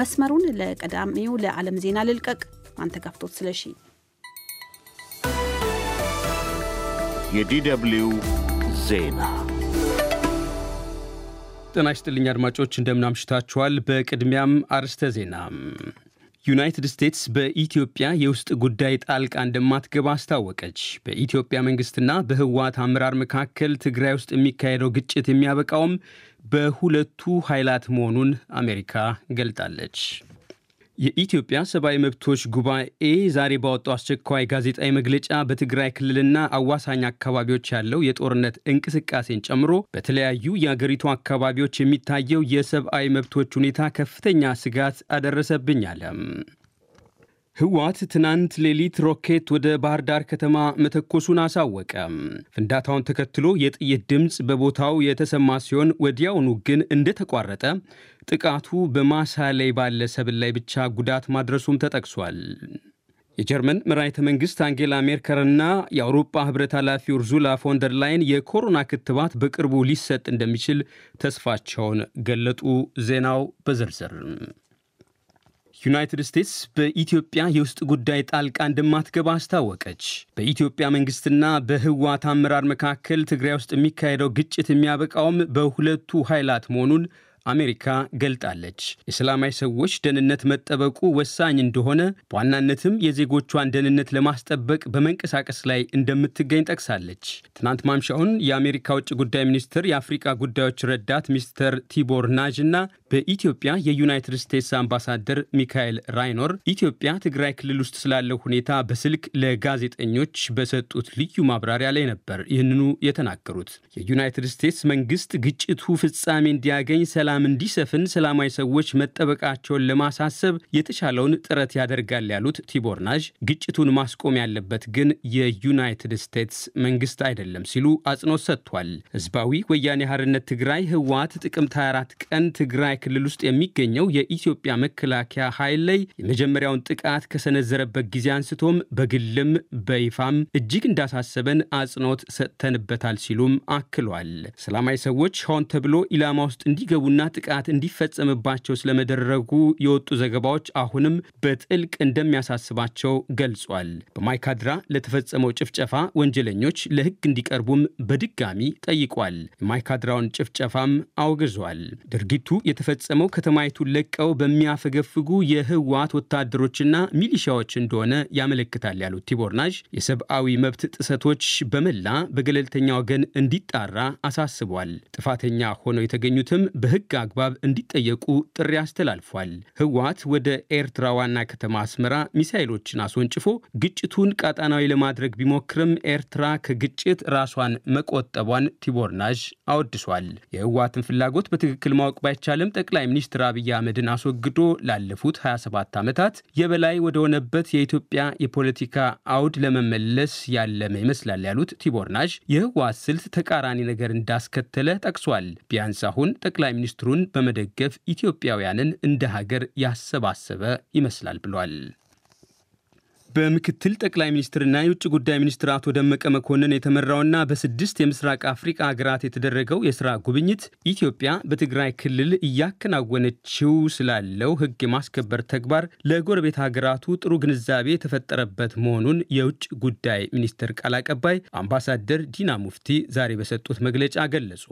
መስመሩን ለቀዳሚው ለዓለም ዜና ልልቀቅ። ጋፍቶት ስለሺ። የዲደብልዩ ዜና ጤና ይስጥልኝ አድማጮች፣ እንደምናምሽታችኋል። በቅድሚያም አርስተ ዜና ዩናይትድ ስቴትስ በኢትዮጵያ የውስጥ ጉዳይ ጣልቃ እንደማትገባ አስታወቀች። በኢትዮጵያ መንግስትና በህወሓት አመራር መካከል ትግራይ ውስጥ የሚካሄደው ግጭት የሚያበቃውም በሁለቱ ኃይላት መሆኑን አሜሪካ ገልጣለች። የኢትዮጵያ ሰብአዊ መብቶች ጉባኤ ዛሬ ባወጣው አስቸኳይ ጋዜጣዊ መግለጫ በትግራይ ክልልና አዋሳኝ አካባቢዎች ያለው የጦርነት እንቅስቃሴን ጨምሮ በተለያዩ የአገሪቱ አካባቢዎች የሚታየው የሰብአዊ መብቶች ሁኔታ ከፍተኛ ስጋት አደረሰብኝ አለም። ህወሓት ትናንት ሌሊት ሮኬት ወደ ባህር ዳር ከተማ መተኮሱን አሳወቀ። ፍንዳታውን ተከትሎ የጥይት ድምፅ በቦታው የተሰማ ሲሆን ወዲያውኑ ግን እንደተቋረጠ ጥቃቱ በማሳ ላይ ባለ ሰብል ላይ ብቻ ጉዳት ማድረሱም ተጠቅሷል። የጀርመን መራሒተ መንግሥት አንጌላ ሜርከልና የአውሮፓ ህብረት ኃላፊ ኡርዙላ ፎንደር ላይን የኮሮና ክትባት በቅርቡ ሊሰጥ እንደሚችል ተስፋቸውን ገለጡ። ዜናው በዝርዝር ዩናይትድ ስቴትስ በኢትዮጵያ የውስጥ ጉዳይ ጣልቃ እንደማትገባ አስታወቀች። በኢትዮጵያ መንግስትና በህወሓት አመራር መካከል ትግራይ ውስጥ የሚካሄደው ግጭት የሚያበቃውም በሁለቱ ኃይላት መሆኑን አሜሪካ ገልጣለች። የሰላማዊ ሰዎች ደህንነት መጠበቁ ወሳኝ እንደሆነ በዋናነትም የዜጎቿን ደህንነት ለማስጠበቅ በመንቀሳቀስ ላይ እንደምትገኝ ጠቅሳለች። ትናንት ማምሻውን የአሜሪካ ውጭ ጉዳይ ሚኒስትር የአፍሪካ ጉዳዮች ረዳት ሚስተር ቲቦር ናጅ እና በኢትዮጵያ የዩናይትድ ስቴትስ አምባሳደር ሚካኤል ራይኖር ኢትዮጵያ ትግራይ ክልል ውስጥ ስላለው ሁኔታ በስልክ ለጋዜጠኞች በሰጡት ልዩ ማብራሪያ ላይ ነበር ይህንኑ የተናገሩት። የዩናይትድ ስቴትስ መንግስት ግጭቱ ፍጻሜ እንዲያገኝ፣ ሰላም እንዲሰፍን፣ ሰላማዊ ሰዎች መጠበቃቸውን ለማሳሰብ የተቻለውን ጥረት ያደርጋል ያሉት ቲቦርናዥ ግጭቱን ማስቆም ያለበት ግን የዩናይትድ ስቴትስ መንግስት አይደለም ሲሉ አጽንኦት ሰጥቷል። ህዝባዊ ወያኔ ሓርነት ትግራይ ህወሓት ጥቅምት 24 ቀን ትግራይ ክልል ውስጥ የሚገኘው የኢትዮጵያ መከላከያ ኃይል ላይ የመጀመሪያውን ጥቃት ከሰነዘረበት ጊዜ አንስቶም በግልም በይፋም እጅግ እንዳሳሰበን አጽንኦት ሰጥተንበታል ሲሉም አክሏል። ሰላማዊ ሰዎች ሆን ተብሎ ኢላማ ውስጥ እንዲገቡና ጥቃት እንዲፈጸምባቸው ስለመደረጉ የወጡ ዘገባዎች አሁንም በጥልቅ እንደሚያሳስባቸው ገልጿል። በማይካድራ ለተፈጸመው ጭፍጨፋ ወንጀለኞች ለሕግ እንዲቀርቡም በድጋሚ ጠይቋል። የማይካድራውን ጭፍጨፋም አውግዟል። ድርጊቱ የተፈ የተፈጸመው ከተማይቱን ለቀው በሚያፈገፍጉ የህወሓት ወታደሮችና ሚሊሻዎች እንደሆነ ያመለክታል ያሉት ቲቦርናዥ የሰብአዊ መብት ጥሰቶች በመላ በገለልተኛ ወገን እንዲጣራ አሳስቧል። ጥፋተኛ ሆነው የተገኙትም በህግ አግባብ እንዲጠየቁ ጥሪ አስተላልፏል። ህወሓት ወደ ኤርትራ ዋና ከተማ አስመራ ሚሳይሎችን አስወንጭፎ ግጭቱን ቀጣናዊ ለማድረግ ቢሞክርም ኤርትራ ከግጭት ራሷን መቆጠቧን ቲቦርናዥ አወድሷል። የህወሓትን ፍላጎት በትክክል ማወቅ ባይቻልም ጠቅላይ ሚኒስትር አብይ አህመድን አስወግዶ ላለፉት 27 ዓመታት የበላይ ወደሆነበት የኢትዮጵያ የፖለቲካ አውድ ለመመለስ ያለመ ይመስላል ያሉት ቲቦር ናሽ የህወሓት ስልት ተቃራኒ ነገር እንዳስከተለ ጠቅሷል። ቢያንስ አሁን ጠቅላይ ሚኒስትሩን በመደገፍ ኢትዮጵያውያንን እንደ ሀገር ያሰባሰበ ይመስላል ብሏል። በምክትል ጠቅላይ ሚኒስትርና የውጭ ጉዳይ ሚኒስትር አቶ ደመቀ መኮንን የተመራውና በስድስት የምስራቅ አፍሪቃ ሀገራት የተደረገው የስራ ጉብኝት ኢትዮጵያ በትግራይ ክልል እያከናወነችው ስላለው ሕግ የማስከበር ተግባር ለጎረቤት ሀገራቱ ጥሩ ግንዛቤ የተፈጠረበት መሆኑን የውጭ ጉዳይ ሚኒስትር ቃል አቀባይ አምባሳደር ዲና ሙፍቲ ዛሬ በሰጡት መግለጫ ገለጹ።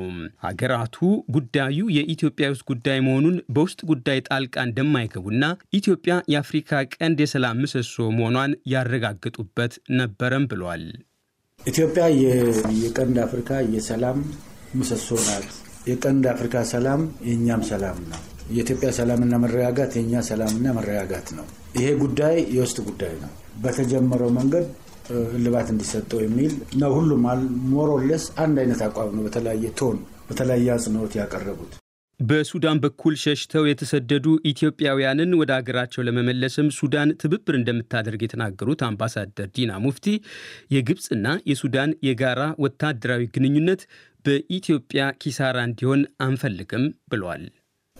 ሀገራቱ ጉዳዩ የኢትዮጵያ ውስጥ ጉዳይ መሆኑን በውስጥ ጉዳይ ጣልቃ እንደማይገቡና ኢትዮጵያ የአፍሪካ ቀንድ የሰላም ምሰሶ መሆኗን መሆኗን ያረጋግጡበት ነበረም ብሏል። ኢትዮጵያ የቀንድ አፍሪካ የሰላም ምሰሶ ናት። የቀንድ አፍሪካ ሰላም የእኛም ሰላም ነው። የኢትዮጵያ ሰላምና መረጋጋት የእኛ ሰላምና መረጋጋት ነው። ይሄ ጉዳይ የውስጥ ጉዳይ ነው። በተጀመረው መንገድ እልባት እንዲሰጠው የሚል ነው። ሁሉም ሞሮለስ አንድ አይነት አቋም ነው። በተለያየ ቶን፣ በተለያየ አጽንኦት ያቀረቡት በሱዳን በኩል ሸሽተው የተሰደዱ ኢትዮጵያውያንን ወደ አገራቸው ለመመለስም ሱዳን ትብብር እንደምታደርግ የተናገሩት አምባሳደር ዲና ሙፍቲ የግብፅና የሱዳን የጋራ ወታደራዊ ግንኙነት በኢትዮጵያ ኪሳራ እንዲሆን አንፈልግም ብለል።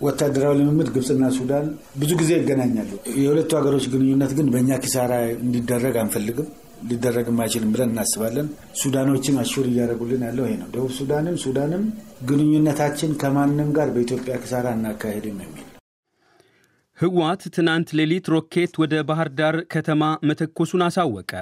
ወታደራዊ ልምምድ ግብፅና ሱዳን ብዙ ጊዜ ይገናኛሉ። የሁለቱ ሀገሮች ግንኙነት ግን በእኛ ኪሳራ እንዲደረግ አንፈልግም። ሊደረግም አይችልም ብለን እናስባለን። ሱዳኖችን አሹር እያደረጉልን ያለው ይሄ ነው። ደቡብ ሱዳንም ሱዳንም ግንኙነታችን ከማንም ጋር በኢትዮጵያ ኪሳራ እናካሄድም የሚል ህወሓት ትናንት ሌሊት ሮኬት ወደ ባህር ዳር ከተማ መተኮሱን አሳወቀ።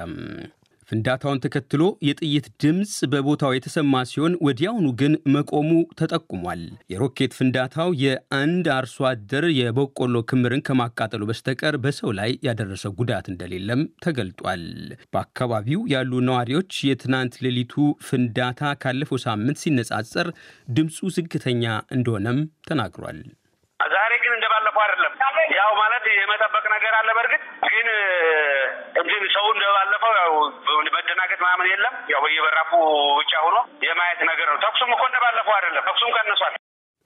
ፍንዳታውን ተከትሎ የጥይት ድምፅ በቦታው የተሰማ ሲሆን ወዲያውኑ ግን መቆሙ ተጠቁሟል። የሮኬት ፍንዳታው የአንድ አርሶ አደር የበቆሎ ክምርን ከማቃጠሉ በስተቀር በሰው ላይ ያደረሰ ጉዳት እንደሌለም ተገልጧል። በአካባቢው ያሉ ነዋሪዎች የትናንት ሌሊቱ ፍንዳታ ካለፈው ሳምንት ሲነጻጸር ድምፁ ዝግተኛ እንደሆነም ተናግሯል። የሚጠበቅ ነገር አለ። በእርግጥ ግን እንዲህ ሰው እንደባለፈው ያው መደናገጥ ምናምን የለም። ያው በየበራፉ ብጫ ሆኖ የማየት ነገር ነው። ተኩሱም እኮ እንደባለፈው አይደለም። ተኩሱም ቀንሷል።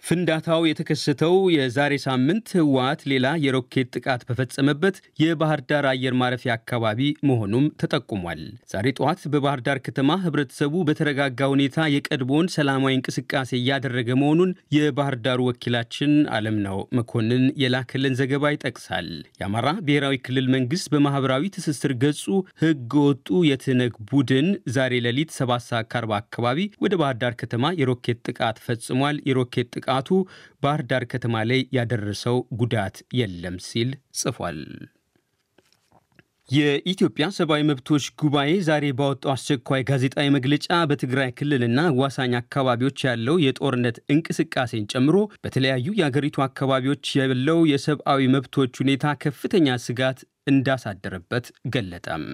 ፍንዳታው የተከሰተው የዛሬ ሳምንት ህወሓት ሌላ የሮኬት ጥቃት በፈጸመበት የባህር ዳር አየር ማረፊያ አካባቢ መሆኑም ተጠቁሟል። ዛሬ ጠዋት በባህር ዳር ከተማ ህብረተሰቡ በተረጋጋ ሁኔታ የቀድሞውን ሰላማዊ እንቅስቃሴ እያደረገ መሆኑን የባህር ዳሩ ወኪላችን ነው። መኮንን የላከልን ዘገባ ይጠቅሳል። የአማራ ብሔራዊ ክልል መንግስት በማህበራዊ ትስስር ገጹ ህገ ወጡ የትነግ ቡድን ዛሬ ሌሊት ሰባት ሰዓት ከአርባ አካባቢ ወደ ባህር ዳር ከተማ የሮኬት ጥቃት ፈጽሟል። የሮኬት ጥቃ ጥቃቱ ባህር ዳር ከተማ ላይ ያደረሰው ጉዳት የለም ሲል ጽፏል። የኢትዮጵያ ሰብአዊ መብቶች ጉባኤ ዛሬ ባወጣው አስቸኳይ ጋዜጣዊ መግለጫ በትግራይ ክልልና ዋሳኝ አካባቢዎች ያለው የጦርነት እንቅስቃሴን ጨምሮ በተለያዩ የአገሪቱ አካባቢዎች ያለው የሰብአዊ መብቶች ሁኔታ ከፍተኛ ስጋት እንዳሳደረበት ገለጠም።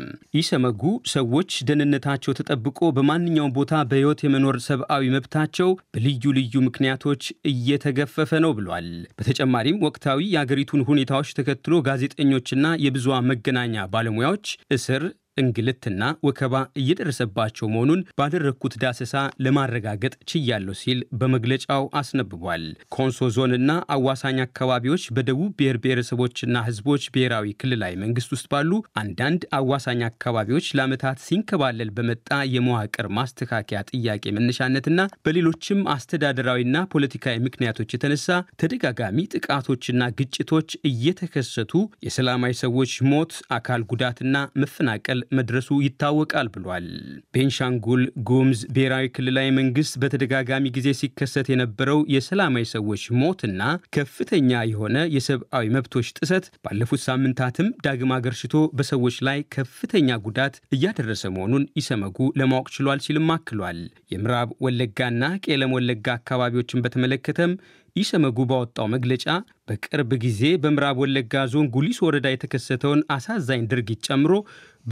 ኢሰመጉ ሰዎች ደህንነታቸው ተጠብቆ በማንኛውም ቦታ በሕይወት የመኖር ሰብአዊ መብታቸው በልዩ ልዩ ምክንያቶች እየተገፈፈ ነው ብሏል። በተጨማሪም ወቅታዊ የአገሪቱን ሁኔታዎች ተከትሎ ጋዜጠኞችና የብዙሃን መገናኛ ባለሙያዎች እስር እንግልትና ወከባ እየደረሰባቸው መሆኑን ባደረግኩት ዳሰሳ ለማረጋገጥ ችያለሁ ሲል በመግለጫው አስነብቧል። ኮንሶ ዞንና አዋሳኝ አካባቢዎች በደቡብ ብሔር ብሔረሰቦችና ሕዝቦች ብሔራዊ ክልላዊ መንግስት ውስጥ ባሉ አንዳንድ አዋሳኝ አካባቢዎች ለዓመታት ሲንከባለል በመጣ የመዋቅር ማስተካከያ ጥያቄ መነሻነትና በሌሎችም አስተዳደራዊና ፖለቲካዊ ምክንያቶች የተነሳ ተደጋጋሚ ጥቃቶችና ግጭቶች እየተከሰቱ የሰላማዊ ሰዎች ሞት፣ አካል ጉዳትና መፈናቀል መድረሱ ይታወቃል ብሏል። ቤንሻንጉል ጉምዝ ብሔራዊ ክልላዊ መንግስት በተደጋጋሚ ጊዜ ሲከሰት የነበረው የሰላማዊ ሰዎች ሞትና ከፍተኛ የሆነ የሰብአዊ መብቶች ጥሰት ባለፉት ሳምንታትም ዳግም አገርሽቶ በሰዎች ላይ ከፍተኛ ጉዳት እያደረሰ መሆኑን ኢሰመጉ ለማወቅ ችሏል ሲልም አክሏል። የምዕራብ ወለጋና ቄለም ወለጋ አካባቢዎችን በተመለከተም ኢሰመጉ ባወጣው መግለጫ በቅርብ ጊዜ በምዕራብ ወለጋ ዞን ጉሊስ ወረዳ የተከሰተውን አሳዛኝ ድርጊት ጨምሮ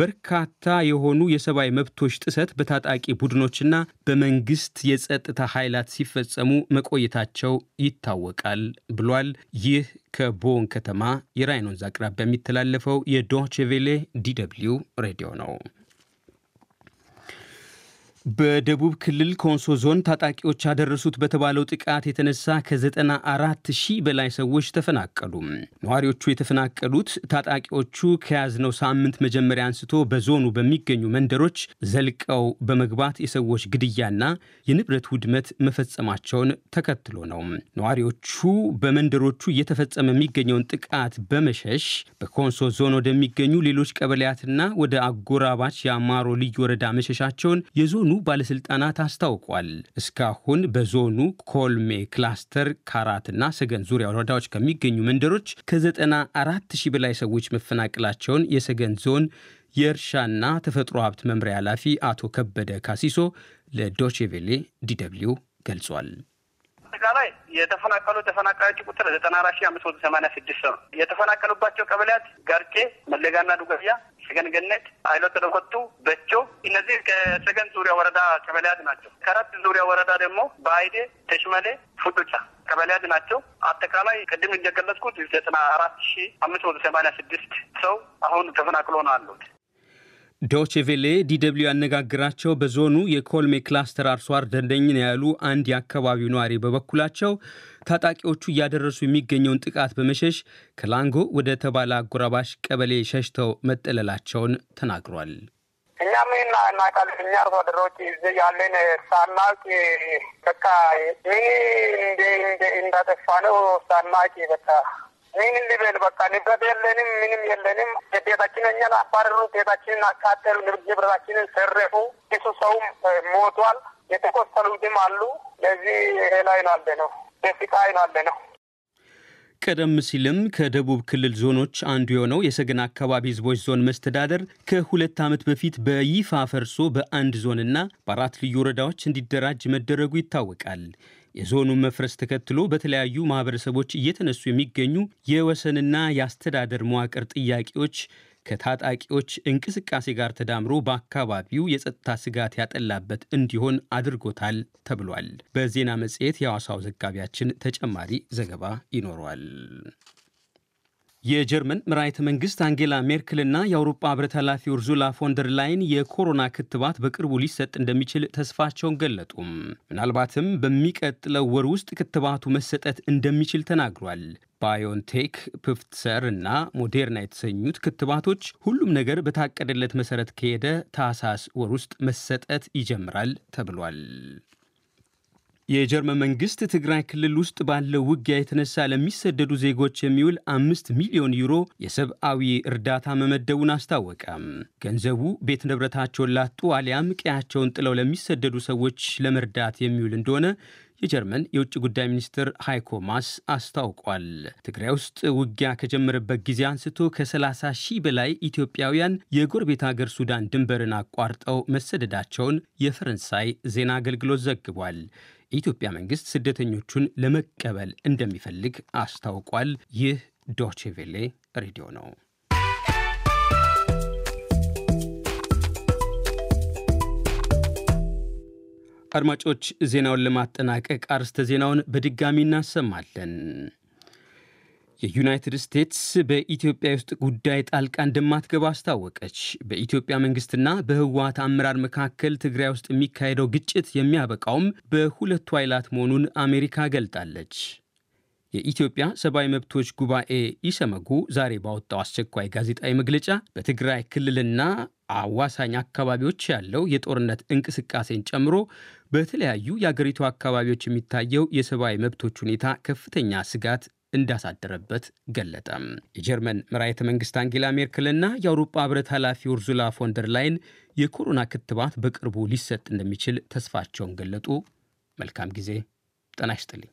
በርካታ የሆኑ የሰብአዊ መብቶች ጥሰት በታጣቂ ቡድኖችና በመንግስት የጸጥታ ኃይላት ሲፈጸሙ መቆየታቸው ይታወቃል ብሏል። ይህ ከቦን ከተማ የራይን ወንዝ አቅራቢያ የሚተላለፈው የዶችቬሌ ዲ ሬዲዮ ነው። በደቡብ ክልል ኮንሶ ዞን ታጣቂዎች ያደረሱት በተባለው ጥቃት የተነሳ ከዘጠና አራት ሺህ በላይ ሰዎች ተፈናቀሉ። ነዋሪዎቹ የተፈናቀሉት ታጣቂዎቹ ከያዝነው ሳምንት መጀመሪያ አንስቶ በዞኑ በሚገኙ መንደሮች ዘልቀው በመግባት የሰዎች ግድያና የንብረት ውድመት መፈጸማቸውን ተከትሎ ነው። ነዋሪዎቹ በመንደሮቹ እየተፈጸመ የሚገኘውን ጥቃት በመሸሽ በኮንሶ ዞን ወደሚገኙ ሌሎች ቀበሌያትና ወደ አጎራባች የአማሮ ልዩ ወረዳ መሸሻቸውን የዞኑ ባለሥልጣናት አስታውቋል። እስካሁን በዞኑ ኮልሜ ክላስተር ካራትና ሰገን ዙሪያ ወረዳዎች ከሚገኙ መንደሮች ከ94 ሺህ በላይ ሰዎች መፈናቀላቸውን የሰገን ዞን የእርሻና ተፈጥሮ ሀብት መምሪያ ኃላፊ አቶ ከበደ ካሲሶ ለዶቼቬሌ ዲደብሊው ገልጿል። አጠቃላይ የተፈናቀሉ ተፈናቃዮች ቁጥር ዘጠና አራት አምስት መቶ ሰማኒያ ስድስት ነው። የተፈናቀሉባቸው ቀበሌያት ጋርጬ፣ መለጋና ዱገፊያ ሰገን ገነት፣ አይሎት ተደኮቱ፣ በቾ እነዚህ ከሰገን ዙሪያ ወረዳ ቀበሌያት ናቸው። ከአራት ዙሪያ ወረዳ ደግሞ በአይዴ፣ ተሽመሌ፣ ፉጡጫ ቀበሌያት ናቸው። አጠቃላይ ቅድም እንደገለጽኩት ዘጠና አራት ሺ አምስት መቶ ሰማኒያ ስድስት ሰው አሁን ተፈናቅሎ ነው አሉት። ቬሌ ዲደብልዩ ያነጋግራቸው በዞኑ የኮልሜ ክላስተር አርሶ አደር ነኝ ያሉ አንድ የአካባቢው ነዋሪ በበኩላቸው ታጣቂዎቹ እያደረሱ የሚገኘውን ጥቃት በመሸሽ ከላንጎ ወደ ተባለ አጎራባሽ ቀበሌ ሸሽተው መጠለላቸውን ተናግሯል። እኛ ምን እኛ አርሶ አደሮች እዚህ ያለን ሳናቂ በቃ ምን እንዳጠፋ ነው ሳናቂ በቃ ምን ልበል በቃ ንብረት የለንም፣ ምንም የለንም። ቤታችንን እኛን አባረሩ፣ ቤታችንን አካተሉ፣ ንብረታችንን ሰረፉ። እሱ ሰውም ሞቷል፣ የተቆሰሉትም አሉ። ለዚህ ይሄ ላይ ነው አለ ነው በስቃይ ነው አለ ነው። ቀደም ሲልም ከደቡብ ክልል ዞኖች አንዱ የሆነው የሰገን አካባቢ ህዝቦች ዞን መስተዳደር ከሁለት ዓመት በፊት በይፋ ፈርሶ በአንድ ዞንና በአራት ልዩ ወረዳዎች እንዲደራጅ መደረጉ ይታወቃል። የዞኑን መፍረስ ተከትሎ በተለያዩ ማህበረሰቦች እየተነሱ የሚገኙ የወሰንና የአስተዳደር መዋቅር ጥያቄዎች ከታጣቂዎች እንቅስቃሴ ጋር ተዳምሮ በአካባቢው የጸጥታ ስጋት ያጠላበት እንዲሆን አድርጎታል ተብሏል። በዜና መጽሔት የሐዋሳው ዘጋቢያችን ተጨማሪ ዘገባ ይኖረዋል። የጀርመን መራሒተ መንግስት አንጌላ ሜርክልና የአውሮፓ ህብረት ኃላፊ ኡርዙላ ፎንደር ላይን የኮሮና ክትባት በቅርቡ ሊሰጥ እንደሚችል ተስፋቸውን ገለጡ። ምናልባትም በሚቀጥለው ወር ውስጥ ክትባቱ መሰጠት እንደሚችል ተናግሯል። ባዮንቴክ፣ ፕፍትሰር እና ሞዴርና የተሰኙት ክትባቶች ሁሉም ነገር በታቀደለት መሰረት ከሄደ ታህሳስ ወር ውስጥ መሰጠት ይጀምራል ተብሏል። የጀርመን መንግስት ትግራይ ክልል ውስጥ ባለው ውጊያ የተነሳ ለሚሰደዱ ዜጎች የሚውል አምስት ሚሊዮን ዩሮ የሰብአዊ እርዳታ መመደቡን አስታወቀም። ገንዘቡ ቤት ንብረታቸውን ላጡ አሊያም ቀያቸውን ጥለው ለሚሰደዱ ሰዎች ለመርዳት የሚውል እንደሆነ የጀርመን የውጭ ጉዳይ ሚኒስትር ሃይኮ ማስ አስታውቋል። ትግራይ ውስጥ ውጊያ ከጀመረበት ጊዜ አንስቶ ከ30 ሺህ በላይ ኢትዮጵያውያን የጎረቤት ሀገር ሱዳን ድንበርን አቋርጠው መሰደዳቸውን የፈረንሳይ ዜና አገልግሎት ዘግቧል። የኢትዮጵያ መንግስት ስደተኞቹን ለመቀበል እንደሚፈልግ አስታውቋል። ይህ ዶቼቬሌ ሬዲዮ ነው። አድማጮች ዜናውን ለማጠናቀቅ አርስተ ዜናውን በድጋሚ እናሰማለን። የዩናይትድ ስቴትስ በኢትዮጵያ ውስጥ ጉዳይ ጣልቃ እንደማትገባ አስታወቀች። በኢትዮጵያ መንግስትና በህወሀት አመራር መካከል ትግራይ ውስጥ የሚካሄደው ግጭት የሚያበቃውም በሁለቱ ኃይላት መሆኑን አሜሪካ ገልጣለች። የኢትዮጵያ ሰብአዊ መብቶች ጉባኤ ኢሰመጉ ዛሬ ባወጣው አስቸኳይ ጋዜጣዊ መግለጫ በትግራይ ክልልና አዋሳኝ አካባቢዎች ያለው የጦርነት እንቅስቃሴን ጨምሮ በተለያዩ የአገሪቱ አካባቢዎች የሚታየው የሰብአዊ መብቶች ሁኔታ ከፍተኛ ስጋት እንዳሳደረበት ገለጠ። የጀርመን መራሒተ መንግስት አንጌላ ሜርክልና የአውሮፓ ህብረት ኃላፊ ኡርዙላ ፎንደር ላይን የኮሮና ክትባት በቅርቡ ሊሰጥ እንደሚችል ተስፋቸውን ገለጡ። መልካም ጊዜ። ጤና ይስጥልኝ።